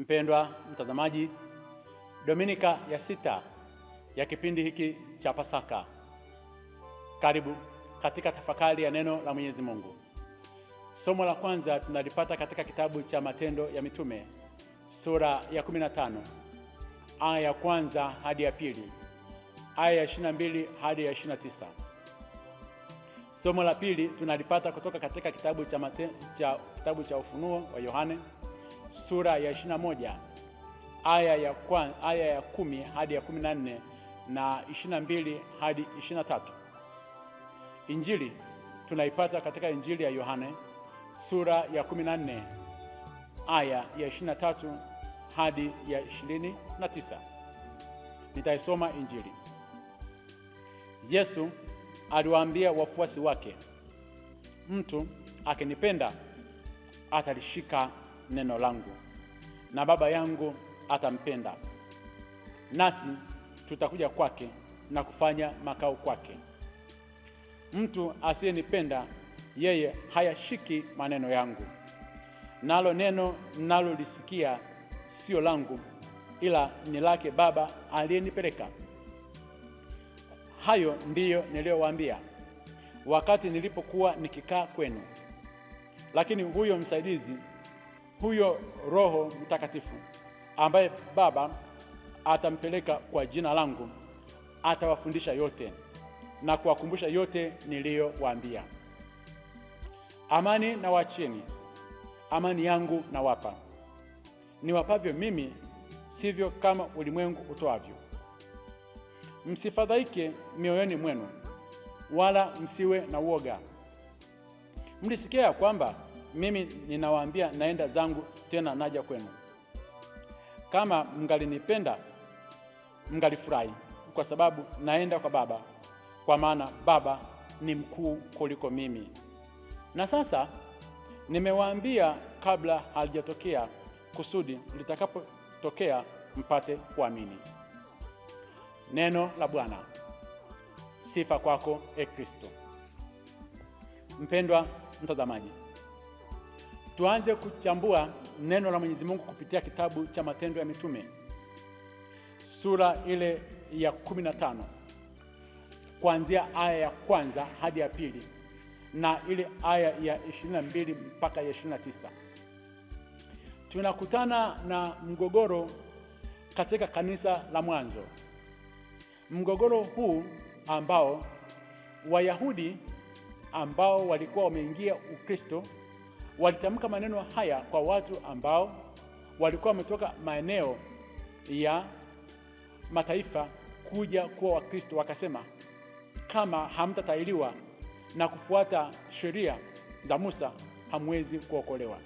Mpendwa mtazamaji, Dominika ya sita ya kipindi hiki cha Pasaka, karibu katika tafakari ya neno la Mwenyezi Mungu. Somo la kwanza tunalipata katika kitabu cha Matendo ya Mitume sura ya 15 aya ya kwanza hadi ya pili, aya ya 22 hadi ya 29. Somo la pili tunalipata kutoka katika kitabu cha, mate, cha, kitabu cha Ufunuo wa Yohane sura ya 21 aya ya kwanza, aya ya kumi hadi ya 14 na na 22 hadi 23. Injili tunaipata katika Injili ya Yohane sura ya 14 aya ya 23 hadi ya 29. Nitaisoma Injili. Yesu aliwaambia wafuasi wake, mtu akinipenda atalishika neno langu, na Baba yangu atampenda, nasi tutakuja kwake na kufanya makao kwake. Mtu asiyenipenda yeye hayashiki maneno yangu, nalo neno nalolisikia sio langu, ila ni lake Baba aliyenipeleka. Hayo ndiyo niliyowaambia wakati nilipokuwa nikikaa kwenu. Lakini huyo msaidizi huyo Roho Mtakatifu ambaye Baba atampeleka kwa jina langu, atawafundisha yote na kuwakumbusha yote niliyowaambia. Amani na wacheni, amani yangu na wapa niwapavyo mimi, sivyo kama ulimwengu utoavyo. Msifadhaike mioyoni mwenu, wala msiwe na uoga. Mlisikia ya kwamba mimi ninawaambia naenda zangu tena naja kwenu. Kama mngalinipenda mngalifurahi, kwa sababu naenda kwa Baba, kwa maana Baba ni mkuu kuliko mimi. Na sasa nimewaambia kabla halijatokea, kusudi litakapotokea mpate kuamini. Neno la Bwana. Sifa kwako, e Kristo. Mpendwa mtazamaji Tuanze kuchambua neno la Mwenyezi Mungu kupitia kitabu cha Matendo ya Mitume sura ile ya 15 kuanzia aya ya kwanza hadi ya pili na ile aya ya 22 mpaka ya 29. Tunakutana na mgogoro katika kanisa la mwanzo. Mgogoro huu ambao Wayahudi ambao walikuwa wameingia Ukristo walitamka maneno haya kwa watu ambao walikuwa wametoka maeneo ya mataifa kuja kuwa Wakristo, wakasema kama hamtatahiriwa na kufuata sheria za Musa hamwezi kuokolewa.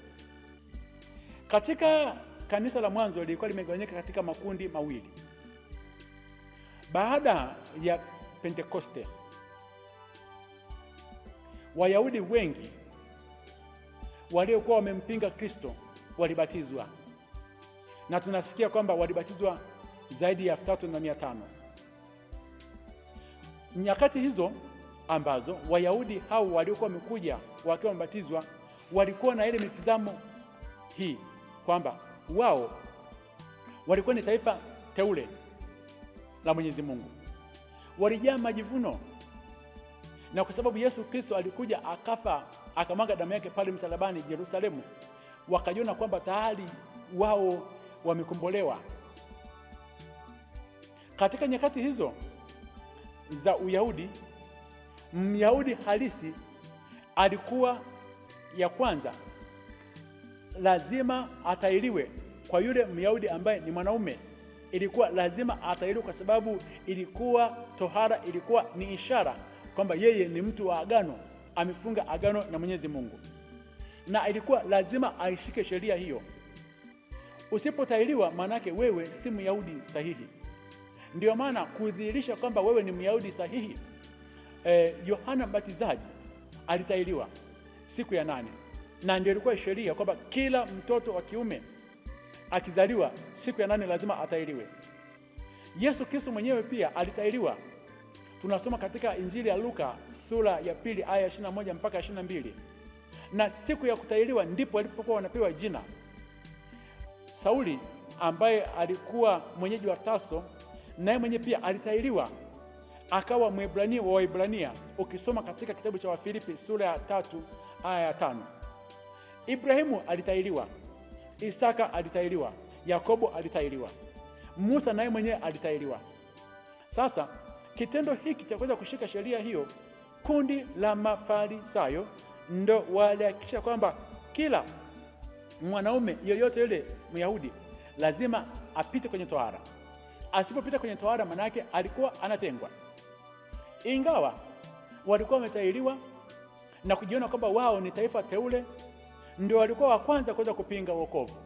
Katika kanisa la mwanzo lilikuwa limegawanyika katika makundi mawili. Baada ya Pentekoste, Wayahudi wengi waliokuwa wamempinga Kristo walibatizwa, na tunasikia kwamba walibatizwa zaidi ya elfu tatu na mia tano nyakati hizo ambazo Wayahudi hao waliokuwa wamekuja wakiwa wamebatizwa walikuwa na ile mitizamo hii kwamba wao walikuwa ni taifa teule la Mwenyezi Mungu, walijaa majivuno, na kwa sababu Yesu Kristo alikuja akafa akamwaga damu yake pale msalabani Yerusalemu, wakajiona kwamba tayari wao wamekombolewa. Katika nyakati hizo za Uyahudi, Myahudi halisi alikuwa ya kwanza lazima atairiwe. Kwa yule Myahudi ambaye ni mwanaume, ilikuwa lazima atairiwe, kwa sababu ilikuwa tohara, ilikuwa ni ishara kwamba yeye ni mtu wa agano amefunga agano na Mwenyezi Mungu, na ilikuwa lazima aishike sheria hiyo. Usipotahiriwa, maanake wewe si Myahudi sahihi. Ndiyo maana kudhihirisha kwamba wewe ni Myahudi sahihi, eh, Yohana Mbatizaji alitahiriwa siku ya nane, na ndio ilikuwa sheria kwamba kila mtoto wa kiume akizaliwa siku ya nane lazima atahiriwe. Yesu Kristo mwenyewe pia alitahiriwa tunasoma katika Injili ya Luka sura ya pili aya 21 mpaka 22. Na siku ya kutahiriwa ndipo walipokuwa wanapewa jina. Sauli ambaye alikuwa mwenyeji wa Tarso, naye mwenye pia alitahiriwa akawa Mwebrania wa waibrania ukisoma katika kitabu cha Wafilipi sura ya tatu aya ya tano. Ibrahimu alitahiriwa, Isaka alitahiriwa, Yakobo alitahiriwa, Musa naye mwenyewe alitahiriwa. Sasa Kitendo hiki cha kuweza kushika sheria hiyo, kundi la Mafarisayo ndo walihakikisha kwamba kila mwanaume yoyote yule Myahudi lazima apite kwenye tohara. Asipopita kwenye tohara, manake alikuwa anatengwa, ingawa walikuwa wametahiriwa na kujiona kwamba wao ni taifa teule, ndio walikuwa wa kwanza kuweza kupinga wokovu,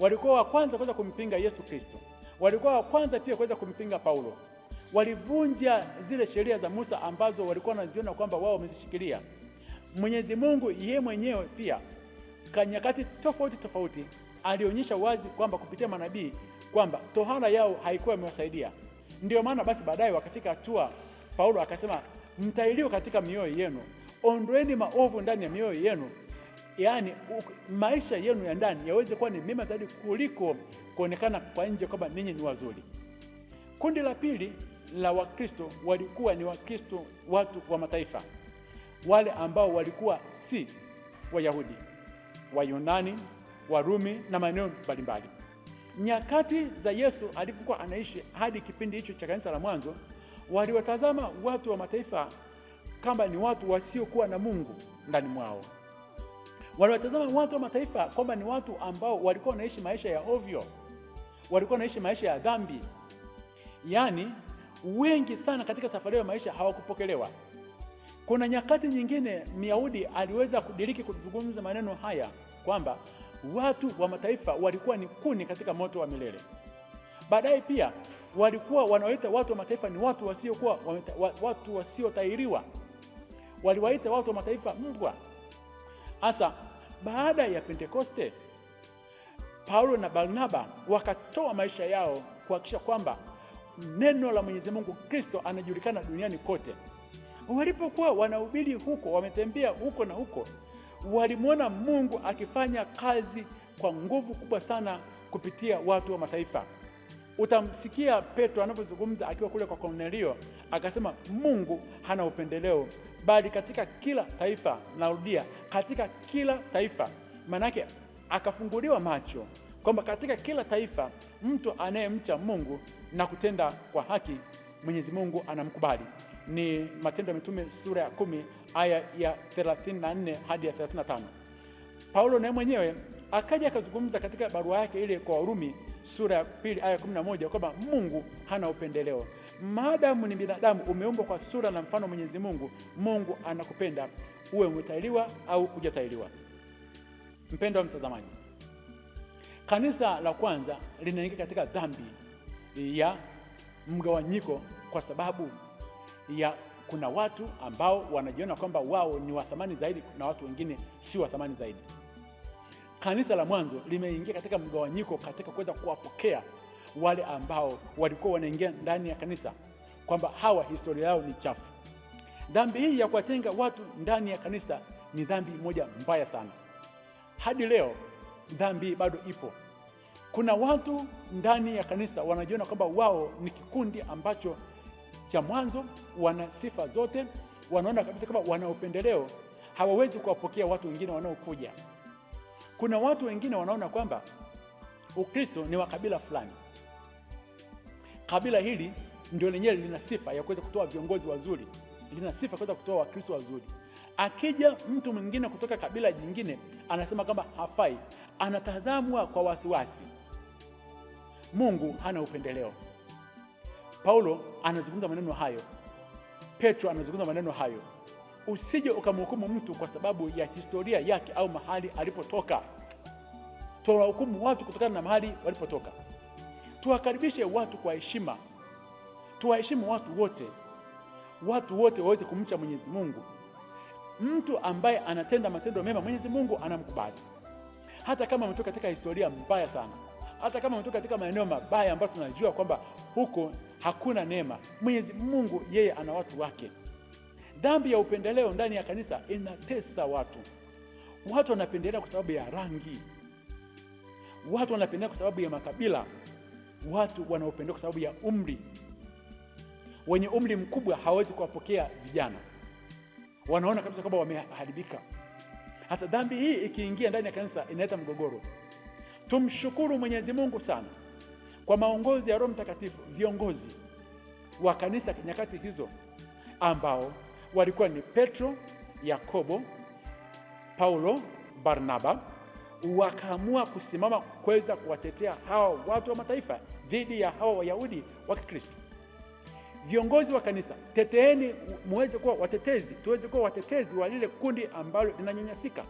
walikuwa wa kwanza kuweza kumpinga Yesu Kristo, walikuwa wa kwanza pia kuweza kumpinga Paulo walivunja zile sheria za Musa ambazo walikuwa wanaziona kwamba wao wamezishikilia. Mwenyezi Mungu yeye mwenyewe pia kwa nyakati tofauti tofauti alionyesha wazi kwamba kupitia manabii kwamba tohara yao haikuwa imewasaidia. ndio maana basi baadaye wakafika hatua, Paulo akasema mtailiwe katika mioyo yenu, ondoeni maovu ndani ya mioyo yenu, yaani maisha yenu ya ndani yaweze kuwa ni mema zaidi kuliko kuonekana kwa nje kwamba ninyi ni wazuri. Kundi la pili la Wakristo walikuwa ni Wakristo watu wa mataifa, wale ambao walikuwa si Wayahudi, Wayunani, Warumi na maeneo mbalimbali. Nyakati za Yesu alipokuwa anaishi hadi kipindi hicho cha kanisa la mwanzo, waliwatazama watu wa mataifa kama ni watu wasiokuwa na Mungu ndani mwao. Waliwatazama watu wa mataifa kwamba ni watu ambao walikuwa wanaishi maisha ya ovyo, walikuwa wanaishi maisha ya dhambi, yaani wengi sana katika safari ya maisha hawakupokelewa. Kuna nyakati nyingine Myahudi aliweza kudiriki kuzungumza maneno haya kwamba watu wa mataifa walikuwa ni kuni katika moto wa milele. Baadaye pia walikuwa wanawaita watu wa mataifa ni watu wasiokuwa watu wasiotahiriwa, waliwaita watu wa mataifa mbwa. Hasa baada ya Pentekoste, Paulo na Barnaba wakatoa maisha yao kuhakikisha kwamba neno la Mwenyezi Mungu, Kristo anajulikana duniani kote. Walipokuwa wanahubiri huko, wametembea huko na huko, walimwona Mungu akifanya kazi kwa nguvu kubwa sana kupitia watu wa mataifa. Utamsikia Petro anapozungumza akiwa kule kwa Kornelio, akasema Mungu hana upendeleo, bali katika kila taifa, narudia, katika kila taifa. Maanake akafunguliwa macho kwamba katika kila taifa mtu anayemcha Mungu na kutenda kwa haki Mwenyezi Mungu anamkubali. Ni Matendo ya Mitume sura ya kumi aya ya 34 hadi ya 35. Paulo naye mwenyewe akaja akazungumza katika barua yake ile kwa Warumi sura ya pili aya 11 kwamba Mungu hana upendeleo. Maadamu ni binadamu umeumbwa kwa sura na mfano Mwenyezi Mungu, Mungu anakupenda uwe umetahiriwa au hujatahiriwa. Mpendo wa mtazamaji Kanisa la kwanza linaingia katika dhambi ya mgawanyiko kwa sababu ya kuna watu ambao wanajiona kwamba wao ni wa thamani zaidi na watu wengine si wa thamani zaidi. Kanisa la mwanzo limeingia katika mgawanyiko katika kuweza kuwapokea wale ambao walikuwa wanaingia ndani ya kanisa, kwamba hawa historia yao ni chafu. Dhambi hii ya kuwatenga watu ndani ya kanisa ni dhambi moja mbaya sana hadi leo dhambi bado ipo. Kuna watu ndani ya kanisa wanajiona kwamba wao ni kikundi ambacho cha mwanzo, wana sifa zote, wanaona kabisa kwamba wana upendeleo, hawawezi kuwapokea watu wengine wanaokuja. Kuna watu wengine wanaona kwamba Ukristo ni wa kabila fulani, kabila hili ndio lenyewe lina sifa ya kuweza kutoa viongozi wazuri, lina sifa ya kuweza kutoa Wakristo wazuri Akija mtu mwingine kutoka kabila jingine, anasema kwamba hafai, anatazamwa kwa wasiwasi. Mungu hana upendeleo. Paulo anazungumza maneno hayo, Petro anazungumza maneno hayo. Usije ukamhukumu mtu kwa sababu ya historia yake au mahali alipotoka. Tuwahukumu watu kutokana na mahali walipotoka. Tuwakaribishe watu kwa heshima, tuwaheshimu watu wote, watu wote waweze kumcha Mwenyezi Mungu. Mtu ambaye anatenda matendo mema, Mwenyezi Mungu anamkubali hata kama ametoka katika historia mbaya sana, hata kama ametoka katika maeneo mabaya ambayo tunajua kwamba huko hakuna neema. Mwenyezi Mungu yeye ana watu wake. Dhambi ya upendeleo ndani ya kanisa inatesa watu. Watu wanapendelea kwa sababu ya rangi, watu wanapendelea kwa sababu ya makabila, watu wanaopendelea kwa sababu ya umri. Wenye umri mkubwa hawawezi kuwapokea vijana wanaona kabisa kwamba wameharibika. Hasa dhambi hii ikiingia ndani ya kanisa inaleta mgogoro. Tumshukuru Mwenyezi Mungu sana kwa maongozi ya Roho Mtakatifu, viongozi wa kanisa nyakati hizo ambao walikuwa ni Petro, Yakobo, Paulo, Barnaba, wakaamua kusimama kuweza kuwatetea hawa watu wa mataifa dhidi ya hawa Wayahudi wa Kikristo. Viongozi wa kanisa, teteeni, muweze kuwa watetezi, tuweze kuwa watetezi wa lile kundi ambalo linanyanyasika,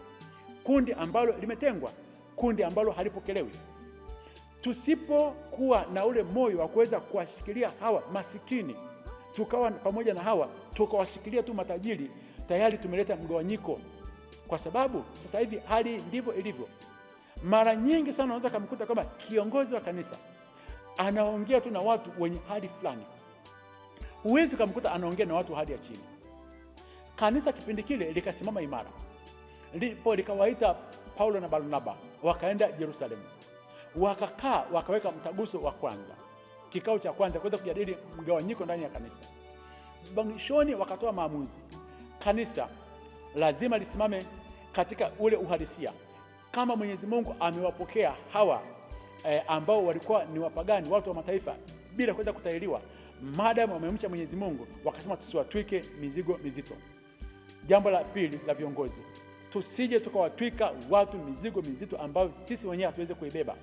kundi ambalo limetengwa, kundi ambalo halipokelewi. Tusipokuwa na ule moyo wa kuweza kuwashikilia hawa masikini, tukawa pamoja na hawa tukawashikilia tu matajiri, tayari tumeleta mgawanyiko, kwa sababu sasa hivi hali ndivyo ilivyo. Mara nyingi sana unaweza kumkuta kama kiongozi wa kanisa anaongea tu na watu wenye hali fulani huwezi ukamkuta anaongea na watu hadi ya chini. Kanisa kipindi kile likasimama imara, ndipo likawaita Paulo na Barnaba wakaenda Yerusalemu, wakakaa wakaweka mtaguso wa kwanza, kikao cha kwanza kuweza kujadili mgawanyiko ndani ya kanisa. Mwishoni wakatoa maamuzi, kanisa lazima lisimame katika ule uhalisia kama Mwenyezi Mungu amewapokea hawa eh, ambao walikuwa ni wapagani, watu wa mataifa bila kuweza kutahiriwa madam wamemcha Mwenyezi Mungu, wakasema tusiwatwike mizigo mizito. Jambo la pili la viongozi, tusije tukawatwika watu mizigo mizito ambayo sisi wenyewe hatuweze kuibeba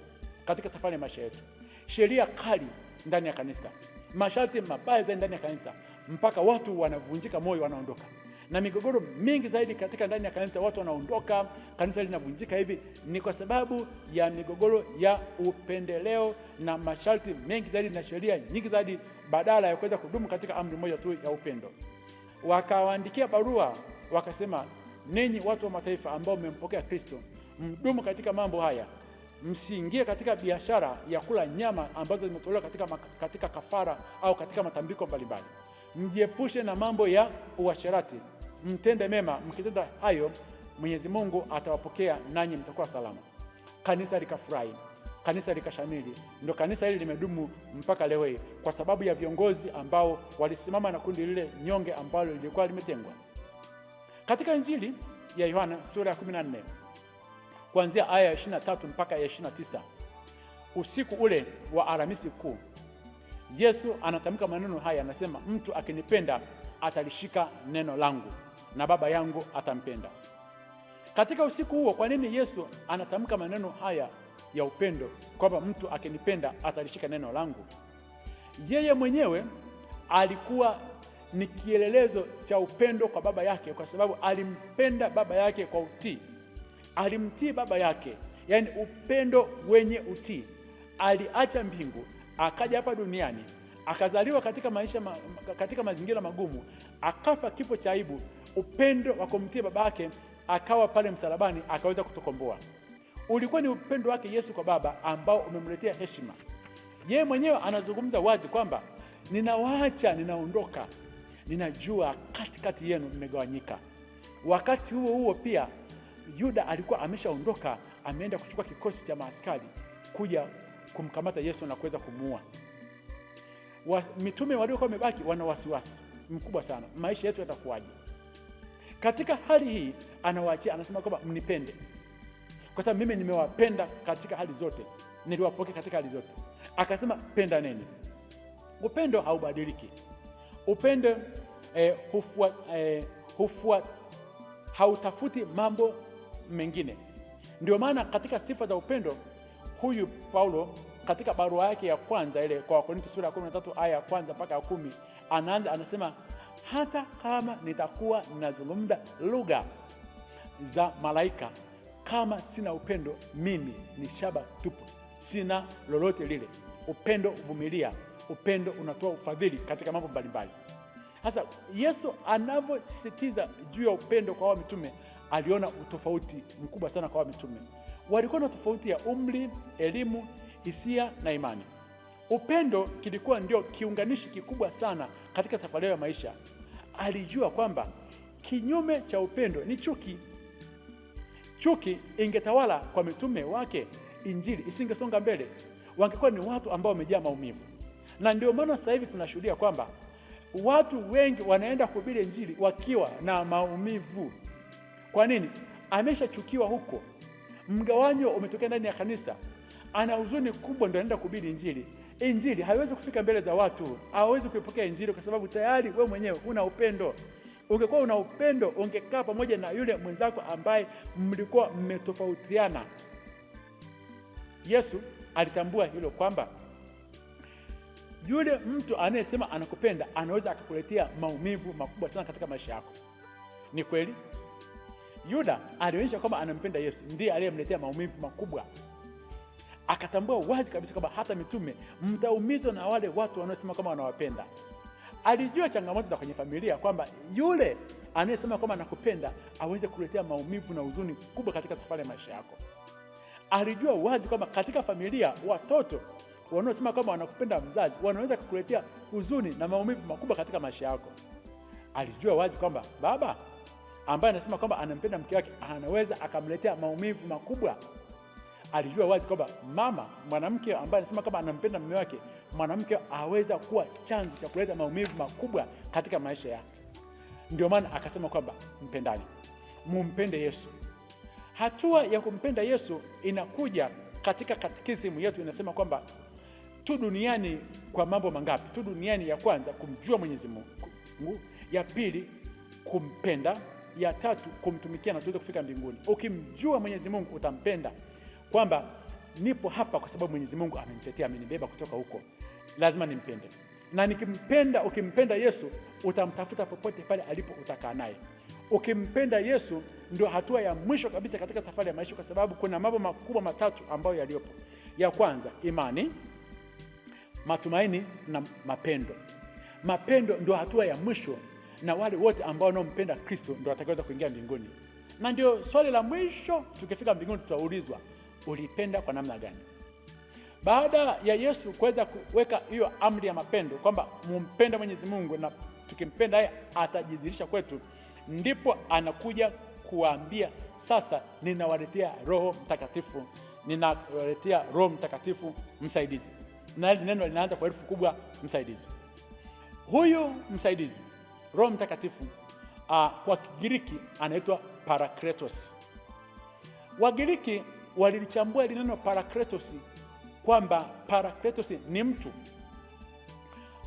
katika safari ya maisha yetu. Sheria kali ndani ya kanisa, masharti mabaya zaidi ndani ya kanisa, mpaka watu wanavunjika moyo, wanaondoka na migogoro mingi zaidi katika ndani ya kanisa, watu wanaondoka, kanisa linavunjika hivi, ni kwa sababu ya migogoro ya upendeleo na masharti mengi zaidi na sheria nyingi zaidi, badala ya kuweza kudumu katika amri moja tu ya upendo. Wakawaandikia barua wakasema, ninyi watu wa mataifa ambao mmempokea Kristo, mdumu katika mambo haya msiingie katika biashara ya kula nyama ambazo zimetolewa katika, katika kafara au katika matambiko mbalimbali. Mjiepushe na mambo ya uasherati mtende mema, mkitenda hayo Mwenyezi Mungu atawapokea nanyi mtakuwa salama. Kanisa likafurahi, kanisa likashamili. Ndio kanisa hili limedumu mpaka leo hii kwa sababu ya viongozi ambao walisimama na kundi lile nyonge ambalo lilikuwa limetengwa. Katika Injili ya Yohana sura ya 14 kuanzia aya ya 23 mpaka ya 29, usiku ule wa Alhamisi Kuu, Yesu anatamka maneno haya, anasema, mtu akinipenda atalishika neno langu na Baba yangu atampenda. Katika usiku huo, kwa nini Yesu anatamka maneno haya ya upendo, kwamba mtu akinipenda atalishika neno langu? Yeye mwenyewe alikuwa ni kielelezo cha upendo kwa baba yake, kwa sababu alimpenda baba yake kwa utii, alimtii baba yake, yaani upendo wenye utii. Aliacha mbingu akaja hapa duniani akazaliwa katika maisha ma, katika mazingira magumu, akafa kifo cha aibu. Upendo wa kumtia babake, akawa pale msalabani, akaweza kutukomboa. Ulikuwa ni upendo wake Yesu kwa Baba ambao umemletea heshima. Yeye mwenyewe anazungumza wazi kwamba ninawaacha, ninaondoka, ninajua katikati yenu mmegawanyika. Wakati huo huo pia Yuda alikuwa ameshaondoka, ameenda kuchukua kikosi cha maaskari kuja kumkamata Yesu na kuweza kumuua wa, mitume waliokuwa wamebaki wana wasiwasi mkubwa sana, maisha yetu yatakuwaje? Katika hali hii anawaachia, anasema kwamba mnipende, kwa sababu mimi nimewapenda katika hali zote, niliwapokea katika hali zote. Akasema pendaneni. Upendo haubadiliki. Upendo eh, hufua, eh, hufua, hautafuti mambo mengine. Ndio maana katika sifa za upendo huyu Paulo katika barua yake ya kwanza ile kwa Wakorintho sura ya 13 aya ya kwanza mpaka ya kumi anaanza anasema, hata kama nitakuwa ninazungumza lugha za malaika, kama sina upendo, mimi ni shaba tupu, sina lolote lile. Upendo vumilia upendo unatoa ufadhili katika mambo mbalimbali. Sasa Yesu anavyosisitiza juu ya upendo kwa hawa mitume, aliona utofauti mkubwa sana kwa hawa mitume. Walikuwa na tofauti ya umri, elimu hisia na imani. Upendo kilikuwa ndio kiunganishi kikubwa sana katika safari ya maisha. Alijua kwamba kinyume cha upendo ni chuki. Chuki ingetawala kwa mitume wake, injili isingesonga mbele. Wangekuwa ni watu ambao wamejaa maumivu, na ndio maana sasa hivi tunashuhudia kwamba watu wengi wanaenda kuhubiri injili wakiwa na maumivu. Kwa nini? Ameshachukiwa huko, mgawanyo umetokea ndani ya kanisa, ana huzuni kubwa, ndio anaenda kuhubiri Injili. Injili haiwezi kufika mbele za watu, hawezi kuipokea Injili kwa sababu tayari wewe mwenyewe una upendo. Ungekuwa una upendo, ungekaa pamoja na yule mwenzako ambaye mlikuwa mmetofautiana. Yesu alitambua hilo kwamba yule mtu anayesema anakupenda anaweza akakuletea maumivu makubwa sana katika maisha yako. Ni kweli Yuda alionyesha kwamba anampenda Yesu, ndiye aliyemletea maumivu makubwa akatambua wazi kabisa kwamba hata mitume mtaumizwa na wale watu wanaosema kwamba wanawapenda. Alijua changamoto za kwenye familia, kwamba yule anayesema kwamba anakupenda aweze kuletea maumivu na huzuni kubwa katika safari ya maisha yako. Alijua wazi kwamba katika familia watoto wanaosema kwamba wanakupenda mzazi wanaweza kukuletea huzuni na maumivu makubwa katika maisha yako. Alijua wazi kwamba baba ambaye anasema kwamba anampenda mke wake anaweza akamletea maumivu makubwa alijua wazi kwamba mama mwanamke ambaye anasema kama anampenda mume wake, mwanamke aweza kuwa chanzo cha kuleta maumivu makubwa katika maisha yake. Ndio maana akasema kwamba mpendani, mumpende Yesu. Hatua ya kumpenda Yesu inakuja katika katekisimu yetu, inasema kwamba tu duniani kwa mambo mangapi? Tu duniani, ya kwanza kumjua Mwenyezi Mungu, ya pili kumpenda, ya tatu kumtumikia na tuweze kufika mbinguni. Ukimjua Mwenyezi Mungu utampenda kwamba nipo hapa kwa sababu Mwenyezi Mungu amenitetea, amenibeba kutoka huko, lazima nimpende. Na nikimpenda, ukimpenda Yesu utamtafuta popote pale alipo, utakaa naye. Ukimpenda Yesu ndio hatua ya mwisho kabisa katika safari ya maisha, kwa sababu kuna mambo makubwa matatu ambayo yaliyopo. Ya kwanza imani, matumaini na mapendo. Mapendo ndio hatua ya mwisho, na wale wote ambao wanaompenda Kristo ndio watakaweza kuingia mbinguni. Na ndio swali la mwisho, tukifika mbinguni tutaulizwa ulipenda kwa namna gani? Baada ya Yesu kuweza kuweka hiyo amri ya mapendo kwamba mumpende Mwenyezi Mungu na tukimpenda yeye atajidhihirisha kwetu, ndipo anakuja kuwaambia sasa, ninawaletea Roho Mtakatifu, ninawaletea Roho Mtakatifu msaidizi. Na neno linaanza kwa herufi kubwa, msaidizi. Huyu msaidizi Roho Mtakatifu ah, kwa Kigiriki anaitwa Parakletos. Wagiriki walilichambua ili neno parakletos kwamba parakletos ni mtu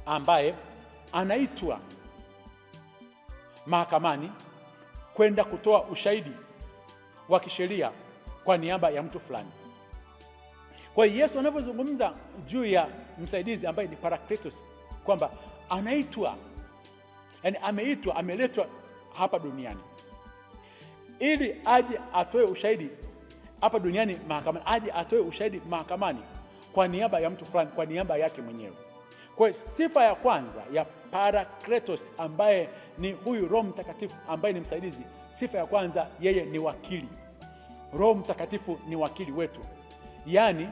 ambaye anaitwa mahakamani kwenda kutoa ushahidi wa kisheria kwa niaba ya mtu fulani. Kwa hiyo Yesu anavyozungumza juu ya msaidizi ambaye ni parakletos kwamba anaitwa, yani ameitwa, ameletwa hapa duniani ili aje atoe ushahidi hapa duniani mahakamani, aje atoe ushahidi mahakamani kwa niaba ya mtu fulani, kwa niaba yake mwenyewe. Kwa sifa ya kwanza ya Parakletos ambaye ni huyu Roho Mtakatifu ambaye ni msaidizi, sifa ya kwanza, yeye ni wakili. Roho Mtakatifu ni wakili wetu, yaani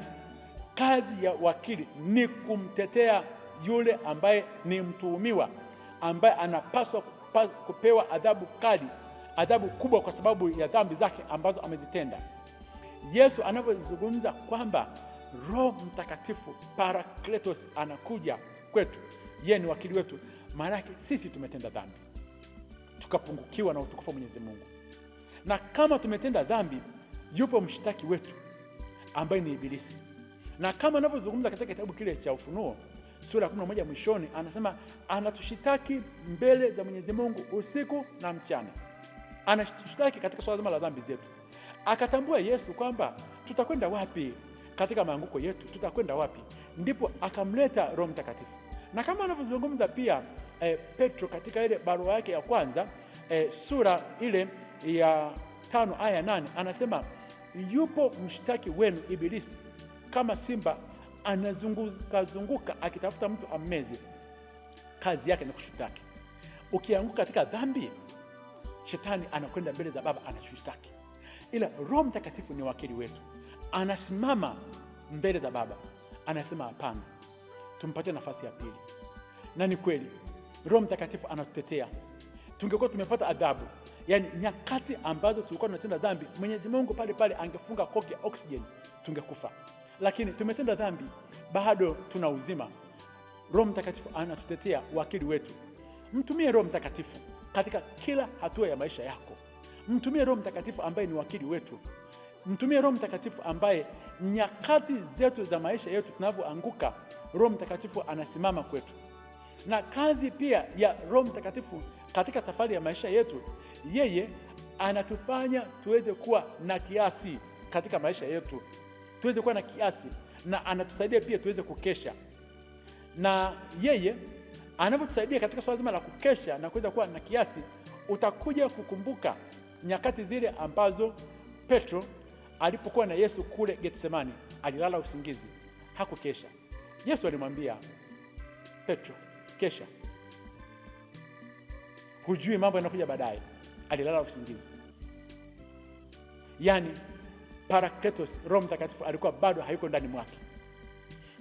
kazi ya wakili ni kumtetea yule ambaye ni mtuhumiwa ambaye anapaswa kupewa adhabu kali, adhabu kubwa kwa sababu ya dhambi zake ambazo amezitenda. Yesu anapozungumza kwamba Roho Mtakatifu Parakletos anakuja kwetu, yeye ni wakili wetu, maana yake sisi tumetenda dhambi tukapungukiwa na utukufu wa Mwenyezi Mungu, na kama tumetenda dhambi, yupo mshtaki wetu ambaye ni Ibilisi, na kama anavyozungumza katika kitabu kile cha Ufunuo sura ya moja mwishoni, anasema anatushitaki mbele za Mwenyezi Mungu usiku na mchana, anashitaki katika swala zima la dhambi zetu. Akatambua Yesu kwamba tutakwenda wapi katika maanguko yetu, tutakwenda wapi? Ndipo akamleta Roho Mtakatifu, na kama anavyozungumza pia e, Petro katika ile barua yake ya kwanza e, sura ile ya tano aya nane anasema yupo mshtaki wenu Ibilisi kama simba anazungukazunguka akitafuta mtu ammeze. Kazi yake ni kushutaki. Ukianguka katika dhambi, shetani anakwenda mbele za Baba anashtaki ila Roho Mtakatifu ni wakili wetu, anasimama mbele za Baba anasema hapana, tumpatie nafasi ya pili. Na ni kweli Roho Mtakatifu anatutetea. Tungekuwa tumepata adhabu, yaani nyakati ambazo tulikuwa tunatenda dhambi, Mwenyezi Mungu pale pale angefunga koki ya oksijeni, tungekufa. Lakini tumetenda dhambi, bado tuna uzima. Roho Mtakatifu anatutetea, wakili wetu. Mtumie Roho Mtakatifu katika kila hatua ya maisha yako. Mtumie Roho Mtakatifu ambaye ni wakili wetu. Mtumie Roho Mtakatifu ambaye nyakati zetu za maisha yetu tunavyoanguka, Roho Mtakatifu anasimama kwetu. Na kazi pia ya Roho Mtakatifu katika safari ya maisha yetu, yeye anatufanya tuweze kuwa na kiasi katika maisha yetu, tuweze kuwa na kiasi, na anatusaidia pia tuweze kukesha. Na yeye anavyotusaidia katika swala zima la kukesha na kuweza kuwa na kiasi, utakuja kukumbuka nyakati zile ambazo Petro alipokuwa na Yesu kule Getsemani, alilala usingizi, hakukesha. Yesu alimwambia Petro, kesha, hujui mambo yanakuja baadaye. Alilala usingizi, yaani Parakletos, Roho Mtakatifu alikuwa bado hayuko ndani mwake.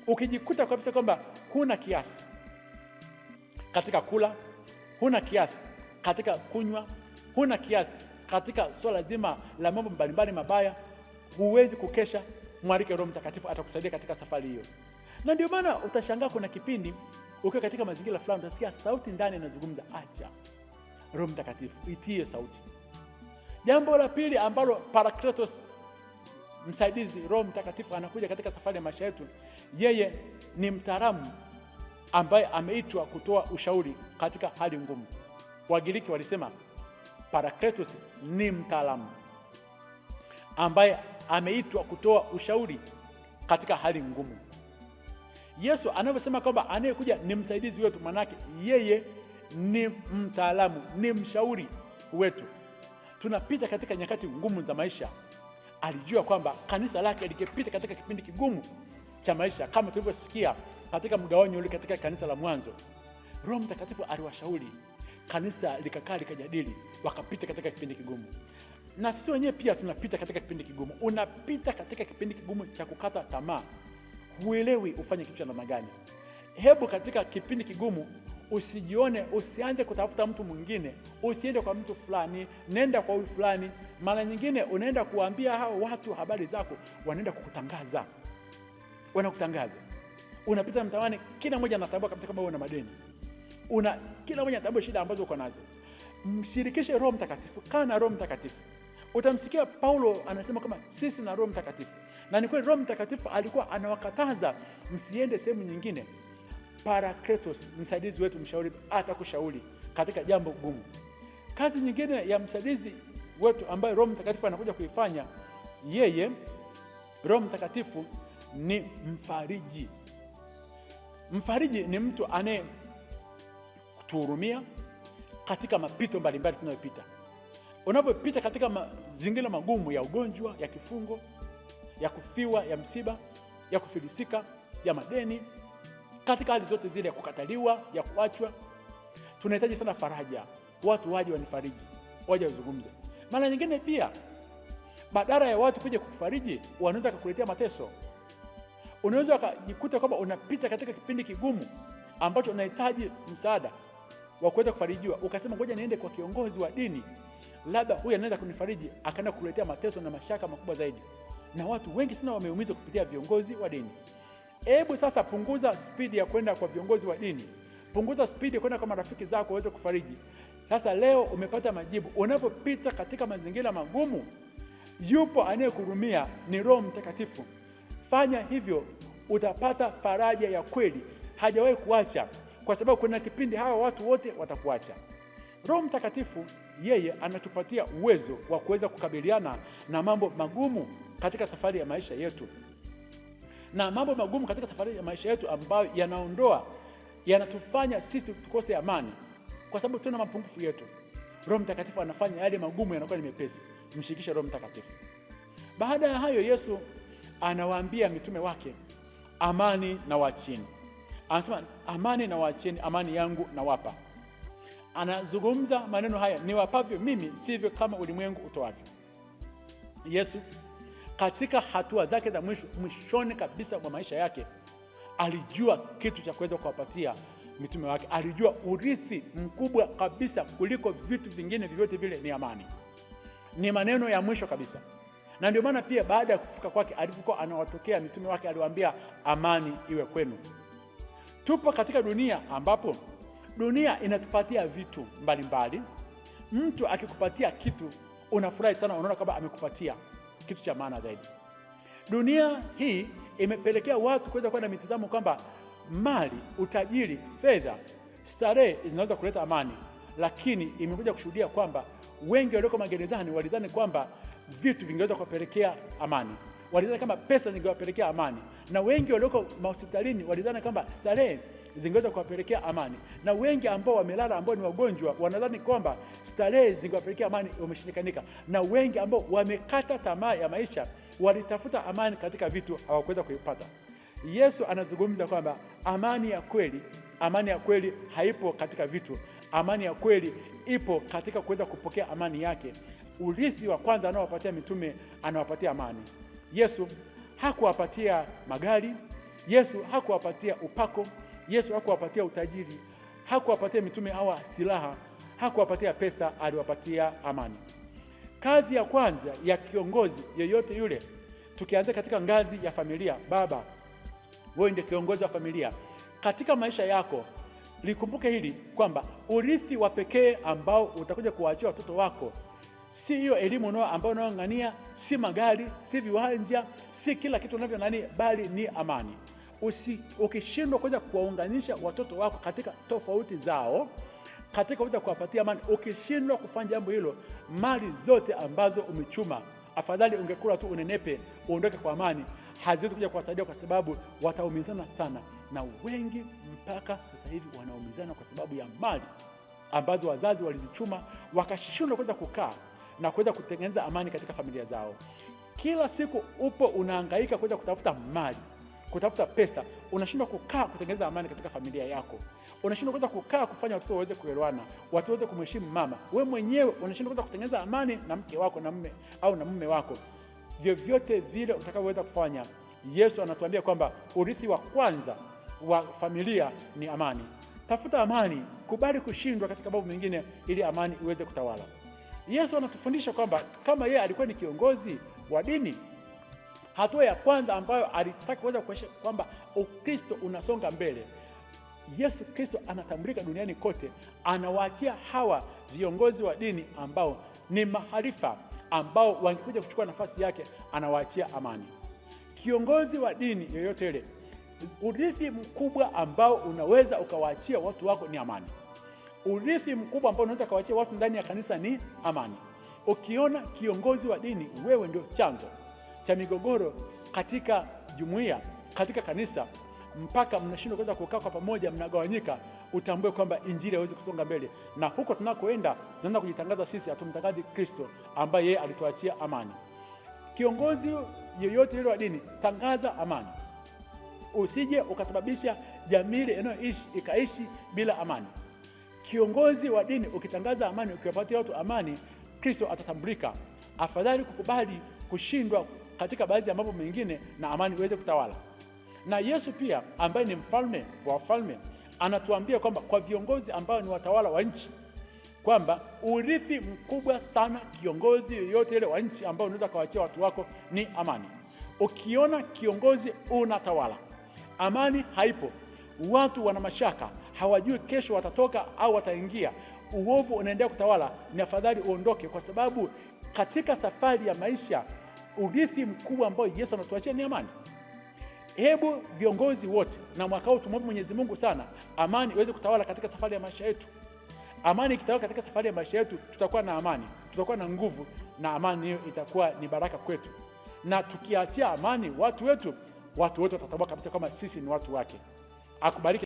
Ukijikuta kabisa kwamba huna kiasi katika kula, huna kiasi katika kunywa, huna kiasi katika swala zima la mambo mbalimbali mabaya, huwezi kukesha, mwarike Roho Mtakatifu atakusaidia katika safari hiyo. Na ndio maana utashangaa kuna kipindi ukiwa katika mazingira fulani utasikia sauti ndani inazungumza, acha Roho Mtakatifu, itie sauti. Jambo la pili ambalo Parakletos msaidizi, Roho Mtakatifu anakuja katika safari ya maisha yetu. Yeye ni mtaalamu ambaye ameitwa kutoa ushauri katika hali ngumu. Wagiriki walisema Parakletos ni mtaalamu ambaye ameitwa kutoa ushauri katika hali ngumu. Yesu anavyosema kwamba anayekuja ni msaidizi wetu, manake yeye ni mtaalamu, ni mshauri wetu. Tunapita katika nyakati ngumu za maisha. Alijua kwamba kanisa lake likipita katika kipindi kigumu cha maisha, kama tulivyosikia katika mgawanyo ule katika kanisa la mwanzo, Roho Mtakatifu aliwashauri kanisa likakaa likajadili, wakapita katika kipindi kigumu. Na sisi wenyewe pia tunapita katika kipindi kigumu. Unapita katika kipindi kigumu cha kukata tamaa, huelewi ufanye kitu cha namna gani. Hebu katika kipindi kigumu usijione, usianze kutafuta mtu mwingine, usiende kwa mtu fulani, nenda kwa huyu fulani. Mara nyingine unaenda kuwaambia hao watu habari zako, wanaenda kukutangaza, wanakutangaza. Unapita mtaani, kila mmoja anatambua kabisa kwamba wewe una madeni una kila mmoja tabia shida ambazo uko nazo, mshirikishe Roho Mtakatifu. Kaa na Roho Mtakatifu. Utamsikia Paulo anasema kama sisi na Roho Mtakatifu, na ni kweli Roho Mtakatifu alikuwa anawakataza msiende sehemu nyingine. Parakletos, msaidizi wetu, mshauri, atakushauri katika jambo gumu. Kazi nyingine ya msaidizi wetu ambaye Roho Mtakatifu anakuja kuifanya yeye, Roho Mtakatifu ni mfariji. Mfariji ni mtu anaye kutuhurumia katika mapito mbalimbali tunayopita. Unapopita katika mazingira magumu ya ugonjwa, ya kifungo, ya kufiwa, ya msiba, ya kufilisika, ya madeni, katika hali zote zile, ya kukataliwa, ya kuachwa, tunahitaji sana faraja, watu waje wanifariji, waje wazungumze. Mara nyingine pia badala ya watu kuja kukufariji, wanaweza kukuletea mateso. Unaweza ukajikuta kwamba unapita katika kipindi kigumu ambacho unahitaji msaada wa kuweza kufarijiwa, ukasema ngoja niende kwa kiongozi wa dini, labda huyu anaweza kunifariji, akaenda kuletea mateso na mashaka makubwa zaidi, na watu wengi sana wameumizwa kupitia viongozi wa dini. Hebu sasa punguza spidi ya kwenda kwa viongozi wa dini, punguza spidi ya kwenda kwa marafiki zako waweze kufariji. Sasa leo umepata majibu. Unapopita katika mazingira magumu, yupo anayekuhurumia, ni Roho Mtakatifu. Fanya hivyo, utapata faraja ya kweli. Hajawahi kuacha kwa sababu kuna kipindi hawa watu wote watakuacha. Roho Mtakatifu yeye anatupatia uwezo wa kuweza kukabiliana na mambo magumu katika safari ya maisha yetu, na mambo magumu katika safari ya maisha yetu ambayo yanaondoa, yanatufanya sisi tukose amani, kwa sababu tuna mapungufu yetu. Roho Mtakatifu anafanya yale magumu yanakuwa ni mepesi. Mshirikishe Roho Mtakatifu. Baada ya hayo, Yesu anawaambia mitume wake, amani na wachini anasema amani na amani yangu nawapa. Anazungumza maneno haya, niwapavyo mimi sivyo kama ulimwengu utoavyo. Yesu katika hatua zake za mwisho, mwishoni kabisa mwa maisha yake, alijua kitu cha kuweza kuwapatia mitume wake. Alijua urithi mkubwa kabisa kuliko vitu vingine vyovyote vile ni amani, ni maneno ya mwisho kabisa. Na ndio maana pia baada ya kufuka kwake, alivyokuwa anawatokea mitume wake, aliwaambia amani iwe kwenu. Tupo katika dunia ambapo dunia inatupatia vitu mbalimbali mbali. Mtu akikupatia kitu unafurahi sana, unaona kwamba amekupatia kitu cha maana zaidi. Dunia hii imepelekea watu kuweza kuwa na mitazamo kwamba mali, utajiri, fedha, starehe zinaweza kuleta amani, lakini imekuja kushuhudia kwamba wengi walioko magerezani walidhani kwamba vitu vingeweza kuwapelekea amani walidhani kwamba pesa zingewapelekea amani, na wengi walioko mahospitalini walidhani kwamba starehe zingeweza kuwapelekea amani, na wengi ambao wamelala, ambao ni wagonjwa, wanadhani kwamba starehe zingewapelekea amani, wameshindikanika. Na wengi ambao wamekata tamaa ya maisha walitafuta amani katika vitu, hawakuweza kuipata. Yesu anazungumza kwamba amani ya kweli, amani ya kweli haipo katika vitu. Amani ya kweli ipo katika kuweza kupokea amani yake. Urithi wa kwanza anaowapatia mitume, anawapatia amani. Yesu hakuwapatia magari, Yesu hakuwapatia upako, Yesu hakuwapatia utajiri, hakuwapatia mitume hawa silaha, hakuwapatia pesa, aliwapatia amani. Kazi ya kwanza ya kiongozi yeyote yule, tukianzia katika ngazi ya familia, baba, wewe ndiye kiongozi wa familia katika maisha yako. Likumbuke hili kwamba urithi wa pekee ambao utakuja kuwaachia watoto wako si hiyo elimu ambayo unaongania si magari, si viwanja, si kila kitu unavyo nani, bali ni amani. Ukishindwa kuweza kuwaunganisha watoto wako katika tofauti zao, katika kuweza kuwapatia amani, ukishindwa kufanya jambo hilo, mali zote ambazo umechuma, afadhali ungekula tu unenepe, uondoke kwa amani, haziwezi kuja kuwasaidia kwa sababu wataumizana sana, na wengi mpaka sasa hivi wanaumizana kwa sababu ya mali ambazo wazazi walizichuma wakashindwa kuweza kukaa na kuweza kutengeneza amani katika familia zao. Kila siku upo unahangaika kuweza kutafuta mali, kutafuta pesa, unashindwa kukaa kutengeneza amani katika familia yako, unashindwa kuweza kukaa kufanya watoto waweze kuelewana, watu waweze kumheshimu mama. Wewe mwenyewe unashindwa kuweza kutengeneza amani na mke wako na mume au na mume wako. Vyovyote vile utakavyoweza kufanya, Yesu anatuambia kwamba urithi wa kwanza wa familia ni amani. Tafuta amani, kubali kushindwa katika mambo mengine, ili amani iweze kutawala. Yesu anatufundisha kwamba kama yeye alikuwa ni kiongozi wa dini, hatua ya kwanza ambayo alitaka kuweza kuonyesha kwamba Ukristo unasonga mbele, Yesu Kristo anatambulika duniani kote, anawaachia hawa viongozi wa dini ambao ni maharifa, ambao wangekuja kuchukua nafasi yake, anawaachia amani. Kiongozi wa dini yoyote ile, urithi mkubwa ambao unaweza ukawaachia watu wako ni amani. Urithi mkubwa ambao unaweza kuwaachia watu ndani ya kanisa ni amani. Ukiona kiongozi wa dini wewe ndio chanzo cha migogoro katika jumuiya, katika kanisa, mpaka mnashindwa kuweza kukaa kwa pamoja, mnagawanyika, utambue kwamba injili haiwezi kusonga mbele, na huko tunakoenda tunaanza kujitangaza sisi, hatumtangazi Kristo ambaye yeye alituachia amani. Kiongozi yeyote yule wa dini, tangaza amani, usije ukasababisha jamii inayoishi ikaishi bila amani. Kiongozi wa dini ukitangaza amani, ukiwapatia watu amani, Kristo atatambulika. Afadhali kukubali kushindwa katika baadhi ya mambo mengine na amani iweze kutawala. Na Yesu pia ambaye ni mfalme wa wafalme anatuambia kwamba kwa viongozi ambao ni watawala wa nchi kwamba urithi mkubwa sana kiongozi yoyote ile wa nchi ambao unaweza kawaachia watu wako ni amani. Ukiona kiongozi unatawala, amani haipo, watu wana mashaka hawajui kesho watatoka au wataingia, uovu unaendelea kutawala, ni afadhali uondoke, kwa sababu katika safari ya maisha urithi mkubwa ambao Yesu anatuachia ni amani. Hebu viongozi wote, na mwaka huu tumwombe Mwenyezi Mungu sana amani iweze kutawala katika safari ya maisha yetu. Amani ikitawala katika safari ya maisha yetu, tutakuwa na amani, tutakuwa na nguvu, na amani hiyo itakuwa ni baraka kwetu. Na tukiachia amani watu wetu, watu wote watatambua kabisa kwamba sisi ni watu wake. Akubariki.